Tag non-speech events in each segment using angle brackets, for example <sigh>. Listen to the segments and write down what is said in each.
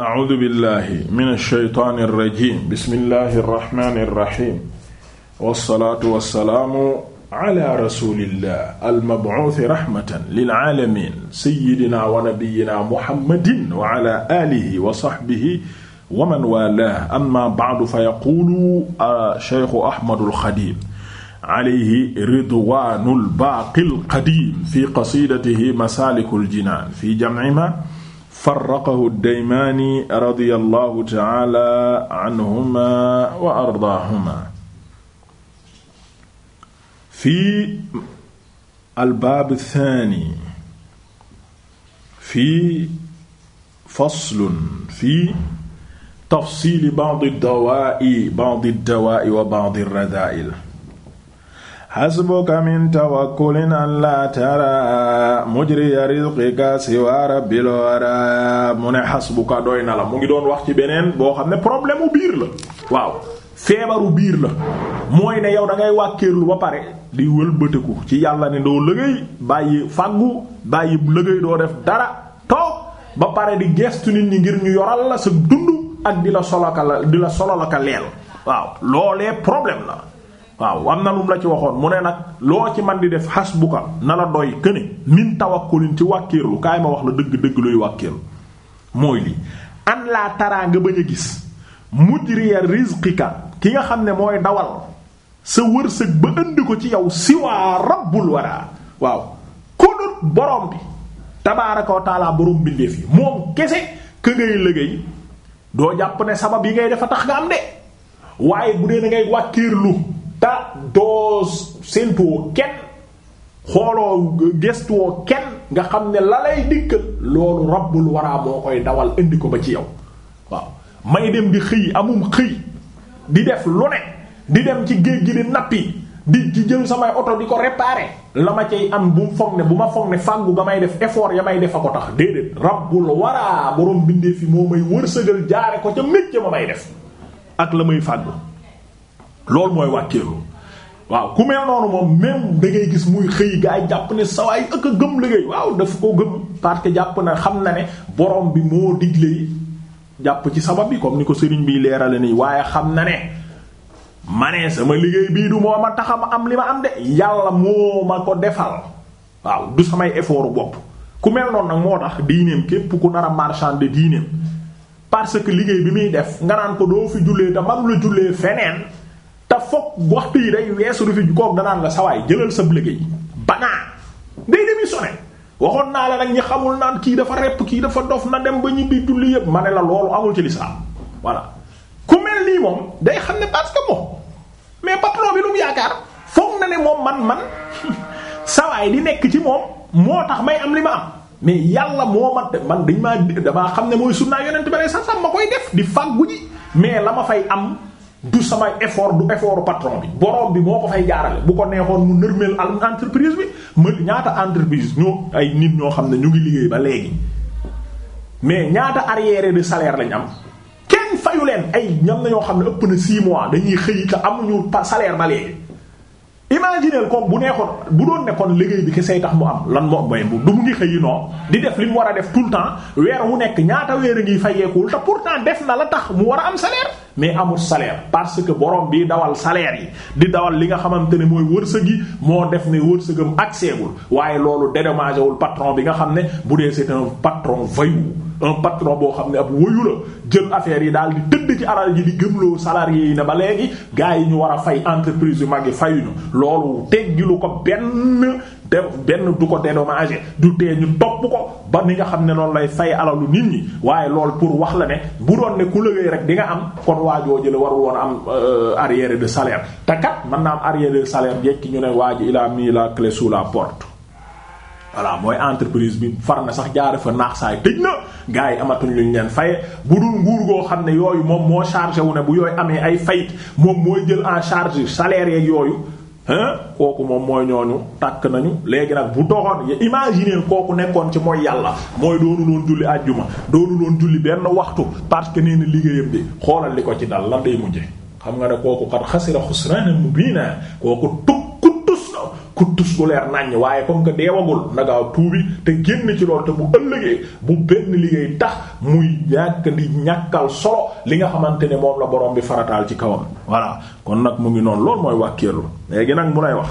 أعوذ بالله من الشيطان الرجيم بسم الله الرحمن الرحيم والصلاة والسلام على رسول الله المبعوث رحمة للعالمين سيدنا ونبينا محمد وعلى آله وصحبه ومن والاه أما بعد فيقول الشيخ أحمد الخديم عليه رضوان الباقي القديم في قصيدته مسالك الجنان في جمع ما farraqahu daymaani radiyallahu ta'ala anhuma wa ardaahuma fii albaab thaani fii faslun fii tafsiili ba'di dawaa'i ba'di dawaa'i wa ba'di radaa'il hasbuka min tawakkulin an laa tara mujriya rizqika siwa rabbil wara mu ne hasbuka doy na la mu ngi doon wax ci beneen boo xam ne problème u biir la waaw feebaru biir la mooy ne yow da ngay wàkkeerlu ba pare di wëlbatiku ci yàlla ne doo lëgëy bàyyi fàggu bàyyi lëgëy doo def dara toog ba pare di gestu nit ñi ngir ñu yoral la sa dund ak di la solaka la leel waaw loolee problème la waaw am na lum la ci waxoon mu ne nag loo ci man di def xas hasbuka na la doy këne min tawakkulin ci wàkkiirlu kaay ma wax la dëgg dëgg luy wàkkiirlu mooy lii an laa taraa nga bañ a gis mujriya rizqika ki nga xam ne mooy dawal sa wërsëg ba indi ko ci yow siwaa rabbul waraa waaw kudut borom bi tabaaraka wa taala borom bindeef yi moom kese ka ngay liggéey doo jàpp ne sabab yi ngay def a tax nga am de waaye bu dee na ngay wàkkiirlu ta doo séntuwoo kenn xooloo gestuwoo kenn nga xam ne la lay dikkal loolu rabbul waraa moo koy dawal indi ko ba ci yow waaw may dem di xëy amum xëy di def lu di dem ci géej gi di nappi di ci jël samay oto di ko réparer la ma cay am bu foog ne bu ma foog ne fàngu ga may def efoor ya def a tax déedéet rabbul waraa borom bindee fi moo may wërsëgal jaare ko ca métier ma may def ak la may fàggu loolu mooy wàcceelu waaw ku mel noonu moom même da ngay gis muy xëy gaa jàpp ne sawaay ak a gëm liggéey waaw dafa ko gëm parce que jàpp na xam na ne borom bi moo digle jàpp ci sabab bi comme ni ko sëriñ bi leerale nii waaye xam na ne ma sama liggéey bii du moo ma tax am li ma am de yàlla moo ma ko defal waaw du samay effort bopp ku mel noonu nag moo tax diineem képp ku nar a marchand de diineem parce que liggéey bi muy def nga naan ko doo fi jullee te mag la feneen foog waxtu yi day weesu du fi kook danaan la sawaay jëlal sa liggéey banaa day démissionner waxoon naa la nag ñi xamul naan kii dafa repp kii dafa dof na dem ba ñibbi julli yëpp ma ne la loolu amul ci lislaam voilà ku mel nii moom day xam ne parce que moom mais patron bi lu na ne moom man man <laughs> sawaay di nekk ci moom moo tax may am li ma am mais yàlla moo ma man dañ maa damaa xam ne mooy sunnaa yonent bare sax sax ma koy def di fàggu ji mais la ma fay am du samay effort du effort patron bi borom bi moo ko fay jaarale bu ko neexoon mu nërmeel al entreprise bi ma ñaata entreprise ñoo ay nit ñoo xam ne ñu ngi liggéey ba léegi mais ñaata arriéré de salaire lañ am kenn fayu leen ay ñam na ñoo xam ne ëpp na 6 mois dañuy xëy te amuñu salaire ba léegi. imagineel comme bu neexoon bu doon nekkoon liggéey bi kese tax mu am lan moo mooy du mu ngi xëy non di def li mu war a def tout le temps weer wu nekk ñaata weer a ngi fayeekul te pourtant def na la tax mu war am salaire. mais amul salaire parce que borom bi dawal salaire yi di dawal li nga xamante ne mooy wërsëg yi moo def ne wërsëgam agseegul waaye loolu dédommagé wul patron bi nga xam ne bu dee c'est un patron voyou un patron boo xam ne ab woyu la jël affaire yi daal di tëdd ci alal ji di gëmloo salarié yi na ba léegi gars yi ñu war a fay entreprise yu mag yi fayuñu loolu teggilu ko benn de benn du ko dédommagé du tee ñu topp ko ba ni nga xam ne noonu lay fay alalu nit ñi waaye lool pour wax la ne bu doon ne ku liggéey rek di nga am kon waajoo jële war woon am euh, arriéré de salaire te kat mën naa am arriéré de salaire jekki ñu ne waa ji il a mis la clé sous la porte voilà mooy entreprise bi far na sax jaare fa naax saay tëj na gars yi amatuñ luñ leen faye bu dul nguur goo xam ne yooyu moom moo chargé wu ne bu yooyu amee ay fayit moom mooy jël en charge salaire yeeg yooyu kooku moom mooy ñooñu tàkk nañu léegi nag bu doxoon ya imaginer kooku nekkoon ci mooy yàlla mooy doonu loon julli àjjuma doonu loon julli benn waxtu parce que nee na liggéeyam bi xoolal di ko ci dal lan day mujje xam nga ne kooku xam xasira xusraana mubiina kooku kuttus gu leer naññ waaye comme que deewagul na gaaw tuubi te génn ci lool te mu ëllëgee bu benn liggéey tax muy yàgg di ñàkkal solo li nga xamante ne moom la borom bi farataal ci kawam waa kon nag mu ngi noonu lool mooy wàkkeerlu léegi nag mu lay wax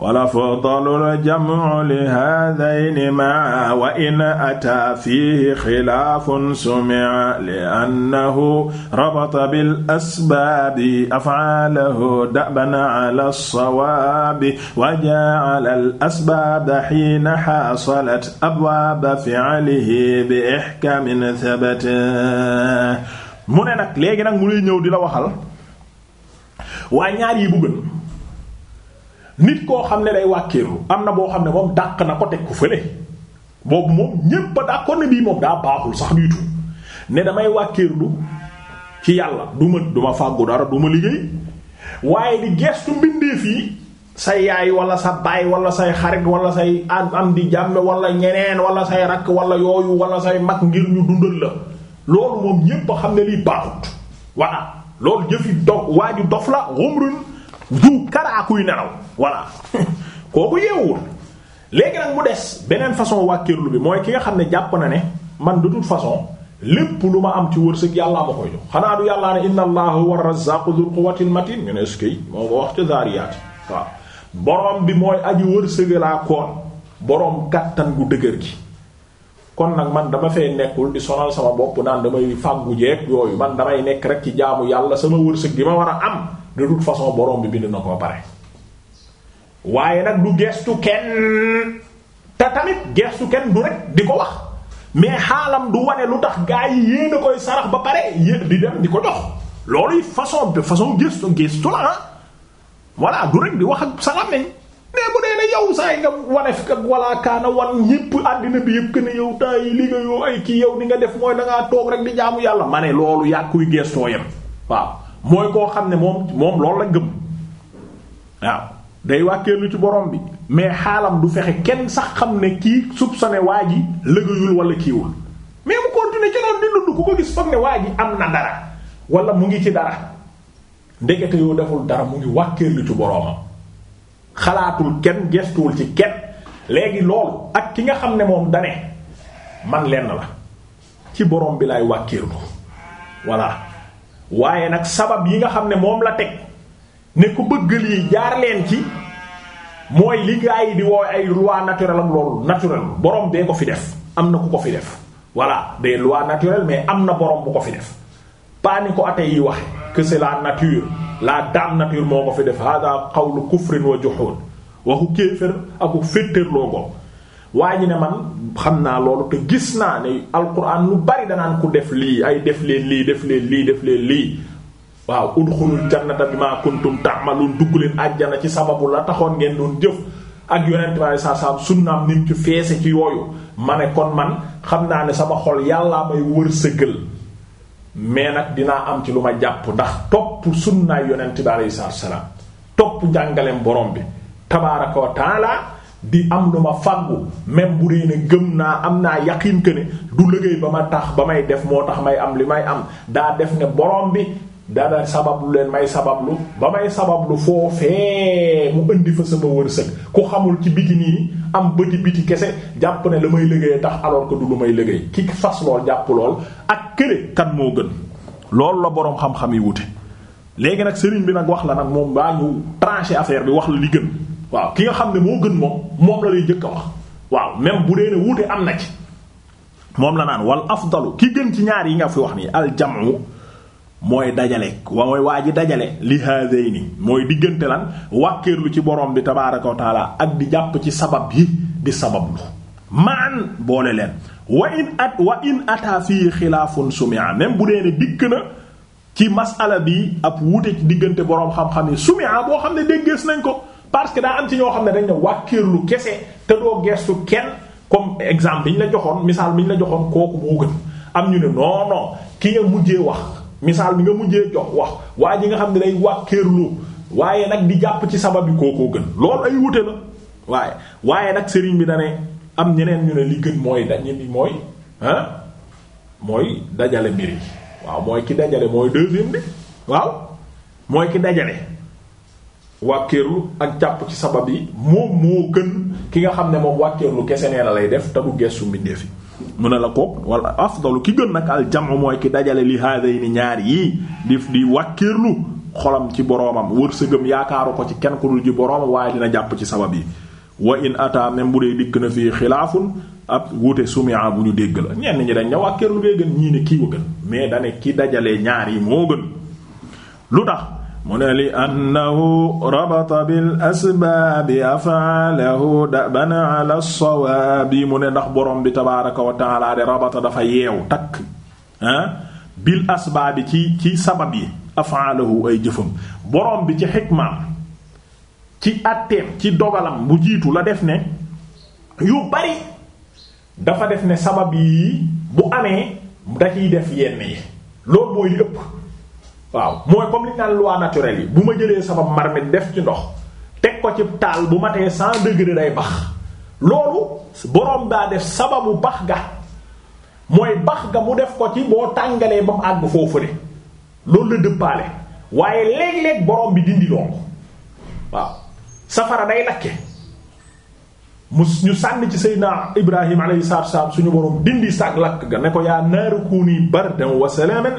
wala fadalul jamcu li haadayni maa wa in ataa fiihi xilaafun sumica li annahu rabata bil asbaabi afcalahu daban cala alsawaabi wa jacala al asbaaba xiina xaasalat abwaaba ficalihi bi ixkaamin sabat mu ne nag léegi nag mu lay ñëw di la waxal waa ñaar yi bu gën nit koo xam ne day wàkkeerlu am na boo xam ne moom dàq na ko teg ko fële boobu moom ñépp a d'accord ne bii moom daa baaxul sax du tout ne damay wàkkeerlu ci yàlla du ma du ma fàggu dara du ma liggéey waaye di gestu mbindeef yi sa yaay wala sa baay wala say xarit wala say am am di jàmme wala ñeneen wala say rakk wala yooyu wala say mag ngir ñu dundal la loolu moom ñépp a xam ne lii baaxut voilà loolu jëfi dof waa ju dof la umrun du karaa kuy nelaw voilà <laughs> kooku yeewul léegi nag mu des beneen façon wàkkirlu bi mooy ki nga xam ne jàpp na ne man de toute façon lépp lu ma am ci wërsëg yàllaa ma koy xanaa du yàllaa ne inna allaha huwa razzaqu dhul quwwatil matin ñu ne eskay moo ko wax ca zaariyaat waaw borom bi mooy aji wërsëg borom kàttan gu dëgër gi kon nag man dama fee nekkul di sonal sama bopp naan damay fàggu yooyu man damay nekk rek ci jaamu yàlla sama wërsëg gi ma war a am de toute façon bi bind ko pare nag du gestu kenn tamit gestu kenn di ko wax mais xaalam du wane lu tax gaa yi yéen a koy sarax ba pare yéen di dem di ko dox loolu façon façon gestu gestu la ah voilà du rek di wax ak salaam nañ mais bu dee ne yow saa yi nga wane fi ak walla kaana wan ñépp àddina bi yëpp kën ne yow temps yi li nga yow ay kii yow ni nga def mooy da ngaa toog rek di jaamu yàlla ma ne loolu yaa kuy gestoo yem waaw. mooy koo xam ne moom moom loolu la gëm waaw day wàkkeelu ci borom bi mais xaalam du fexe kenn sax xam ne kii soupçonné waa ji lëgëyul wala kiiwul mais mu continuer ci noonu di dund ku ko gis foog ne waa ji am na dara wala mu ngi ci dara ndekete yoo deful dara mu ngi wàkkeelu ci boromam xalaatul kenn geestuwul ci kenn léegi loolu ak ki nga xam ne moom dane man lenn la ci borom bi lay wàkkeelu voilà waaye nag sabab yi nga xam ne moom la teg ne ku bëgg lii jaar leen ci mooy li gaa yi di woo ay loi naturelle ak loolu naturel borom bee ko fi def am na ku ko fi def voilà des lois naturelles mais am na borom bu ko fi def pas ko ate yi waxe que c'est la nature la dame nature moo ko fi def xaw qawlu kufrin wa juhud waxu kéefër aku féttërloo ko waa ji ne man xam naa loolu te gis naa ne alquran lu bari danaan ku def lii ay def leen lii def leen lii def leen lii waaw udxulul jannata bima kuntum ta'malun dugg leen àjjana ci sababu la taxoon ngeen doon jëf ak yonent bi saa saa sunnaam nim ci feese ci yooyu ma ne kon man xam naa ne sama xol yàllaa may sëggal mais nag dinaa am ci lu ma jàpp ndax topp sunnaay yonent bi alayhi salaam topp njàngaleem borom bi tabaaraka wa di am lu ma fàggu même bu dee gëm naa am naa yaqiin que ne du liggéey ba ma tax ba may def moo tax may am li may am daa def ne borom bi dada sabablu leen may sabablu ba may sabablu foofee mu indi fa sama wërsëg ku xamul ci biti nii am bëti biti kese jàpp ne la may liggéey tax alors ko du lu may liggéey ki fas lool jàpp lool ak kële kan moo gën loolu la boroom xam-xam yi wute léegi nag sëriñ bi nag wax la nag moom baa ñu tranché affaire bi wax la li gë waaw ki nga xam ne moo gën moom moom la lay jëkk a wax waaw même bu dee ne wuute am na ci moom la naan wal afdalu ki gën ci ñaar yi nga fi wax nii aljamu mooy dajale mooy waa ji dajale li hadayni mooy diggante lan wàkkeerlu ci borom bi tabaaraka wa ak di jàpp ci sabab yi di sabab maan boole leen wa in at wa in ata fii xilaafun sumia même bu dee ne dikk na ci masala bi ab wuute ci diggante boroom xam-xam yi sumia boo xam ne déggees nañ ko parce que daa am ci ñoo xam ne dañ ne wàkkiirlu kese te doo geestu kenn comme exemple bi ñu la joxoon misaal bi ñu la joxoon kooku moo gën am ñu ne non non ki nga mujjee wax misaal bi nga mujjee jox wax waa ji nga xam ne day wàkkiirlu waaye nag di jàpp ci sabab bi kookoo gën loolu ay wute la waaye waaye nag sëriñ bi da am ñeneen ñu ne li gën mooy dañu bi mooy ah mooy dajale mbir waaw mooy ki dajale mooy deuxième bi waaw mooy ki dajale. wàkkeerlu ak jàpp ci sabab yi moom moo gën ki nga xam ne moom wàkkeerlu kese nee na lay def te du gestu mbindeef yi mu ne la ko wala afdalu ki gën nag aljamu mooy ki dajale yi haadayni ñaar yii di di wàkkeerlu xolam ci boroomam wërsëgam yaakaaru ko ci kenn ji boroomam waaye dina jàpp ci sabab yi wa in ata même bu dee dikk na fii xilaafun ab wute sumia bu ñu dégg la ñeen ñi dañ ne wàkkeerlu bee gën ñii ne kii wa gën mais dane ki dajalee ñaar yi moo gën lu tax mu ne li annahu rabata bil asbaabi afaalahu dabana ala sawaabi mu ne ndax borom bi tabaaraka wa taala de rabata dafa yeew takk ah, bil asbaabi ci ci sabab yi afaalahu ay jëfam borom bi ci xikmaam ci àtteem ci dogalam bu jiitu la def ne yu bari dafa def ne sabab yi bu amee da ciy def yenn yi loolu mooy ëpp waaw mooy comme li ñu naan loi naturelle yi bu ma jëlee sama marmite def ci ndox teg ko ci taal bu matee cent degré day bax loolu boroom daa def sababu bax ga mooy bax ga mu def ko ci boo tàngalee ba mu àgg foofu ne loolu la dëppaale waaye léeg-léeg boroom bi dindi loolu waaw safara day lakke mu ñu sànni ci Seydina Ibrahim alayhi salaatu wa salaam suñu boroom dindi sag lakk ga ne ko yaa naaru kuuni bardan wa salaaman